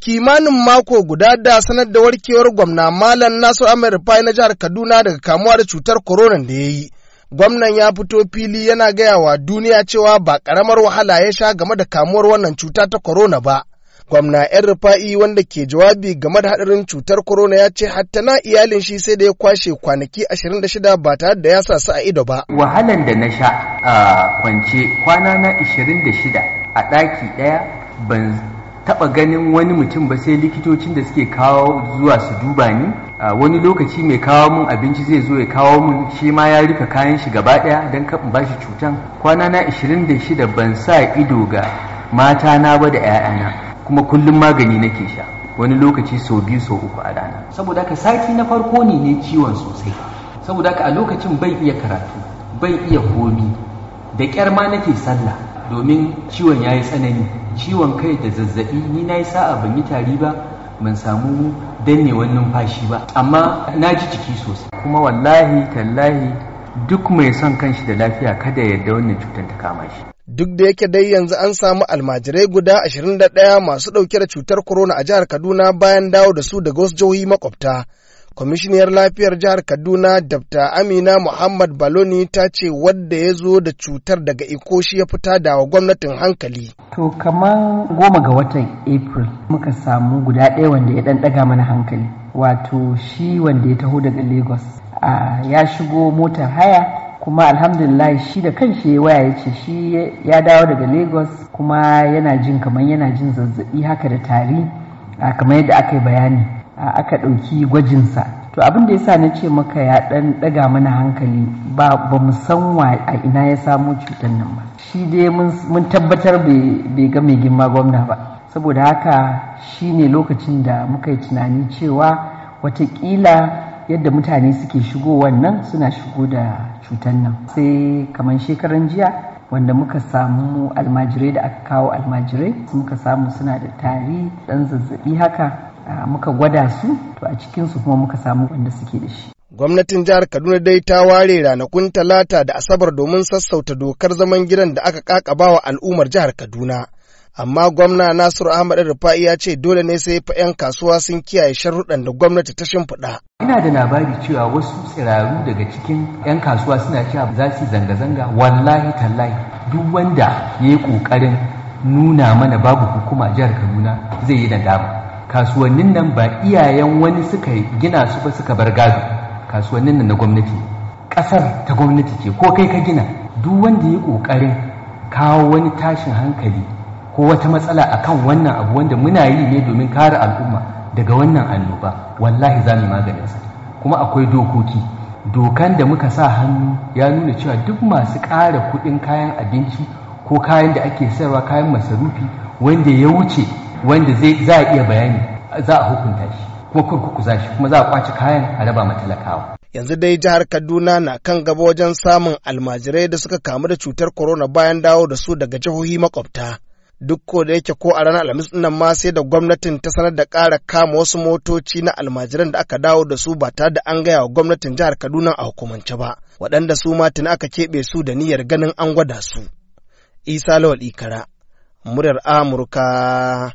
kimanin mako guda da sanar da warkewar gwamna Malam Nasu Amir Rufai na jihar Kaduna daga kamuwa da cutar korona da ya yi. Gwamnan ya fito fili yana gaya wa duniya cewa ba karamar wahala ya sha game da kamuwar wannan cuta ta korona ba. Gwamna ‘yan rufa'i wanda ke jawabi game da haɗarin cutar korona ya ce hatta na iyalin shi sai da ya kwashe kwanaki 26 ba tare da ya sa su a ido ba. Wahalan da na sha a kwance kwana na 26 a ɗaki ɗaya ban taɓa ganin wani mutum ba sai likitocin da suke kawo zuwa su duba ni wani lokaci mai kawo mun abinci zai zo ya kawo mun shi ma ya rufe kayan shi gaba ɗaya don kaɓin ba shi cutan kwana na 26 ban sa ido ga mata na ba da 'ya'yana kuma kullum magani nake sha wani lokaci sau biyu sau uku a rana saboda ka sati na farko ne ne ciwon sosai saboda ka a lokacin bai iya karatu bai iya komi da kyar ma nake sallah domin ciwon ya yi tsanani ciwon kai da zazzaɓi, ni na yi sa'a ban yi tari ba ban samu dannewan numfashi ba amma na ji jiki sosai kuma wallahi tallahi duk mai son kanshi da lafiya kada yadda wannan cutar ta kama shi duk da yake dai yanzu an samu almajirai guda 21 masu ɗauke da cutar corona a jihar kaduna bayan dawo da su daga wasu jihohi makwabta kwamishiniyar lafiyar jihar kaduna dr amina muhammad baloni ta ce wadda ya zo da cutar daga ikoshi ya fita da wa gwamnatin hankali to kamar goma ga watan april muka samu guda ɗaya wanda ya ɗan mana hankali wato shi wanda ya taho daga lagos ya shigo motar haya kuma alhamdulillah shi da kanshi ya waya ya ce shi ya dawo daga lagos kuma yana jin kamar yana jin zazzabi haka da tari kamar yadda aka yi bayani aka ɗauki gwajinsa to abin da ya sa na ce maka ya ɗan ɗaga mana hankali ba mu san wa a ina ya samu cutar nan ba shi dai mun tabbatar bai ga mai girma gwamna ba saboda haka shi ne lokacin da muka yi tunani cewa watakila yadda mutane suke shigo wannan suna shigo da cutar nan sai kamar shekaran jiya wanda muka samu almajirai da aka kawo almajirai muka samu suna da tari dan zazzabi haka muka gwada su to a cikinsu kuma muka samu wanda suke da shi gwamnatin jihar kaduna dai ta ware ranakun talata da asabar domin sassauta dokar zaman gidan da aka kakabawa al'ummar jihar kaduna amma gwamna nasiru ahmad rufa'i ya ce dole ne sai fa 'yan kasuwa sun kiyaye sharuɗan da gwamnati ta shimfiɗa ina da labari cewa wasu tsiraru daga cikin 'yan kasuwa suna cewa za su zanga-zanga wallahi tallahi duk wanda ya yi ƙoƙarin nuna mana babu hukuma jihar kaduna zai yi nadama kasuwannin nan ba iyayen wani suka gina su ba suka bar gado kasuwannin nan na gwamnati ƙasar ta gwamnati ce ko kai ka gina duk wanda ya ƙoƙarin kawo wani tashin hankali ko wata matsala akan wannan abu wanda muna yi ne domin kare al'umma daga wannan annoba wallahi za mu maganin sa kuma akwai dokoki dokan da muka sa hannu ya nuna cewa duk masu ƙara kuɗin kayan abinci ko kayan da ake sayarwa kayan masarufi wanda ya wuce wanda zai za a iya bayani za a hukunta shi kuma kurkuku za shi kuma za a kwace kayan a raba ma talakawa yanzu dai jihar kaduna na kan gaba wajen samun almajirai da suka kamu da cutar corona bayan dawo da su daga jihohi makwabta duk ko da yake ko a ranar alhamis nan ma sai da gwamnatin ta sanar da ƙara kama wasu motoci na almajiran da aka dawo da su ba tare da an gaya wa gwamnatin jihar kaduna a hukumance ba waɗanda su ma tuni aka keɓe su da niyyar ganin an gwada su isa lawal ikara muryar amurka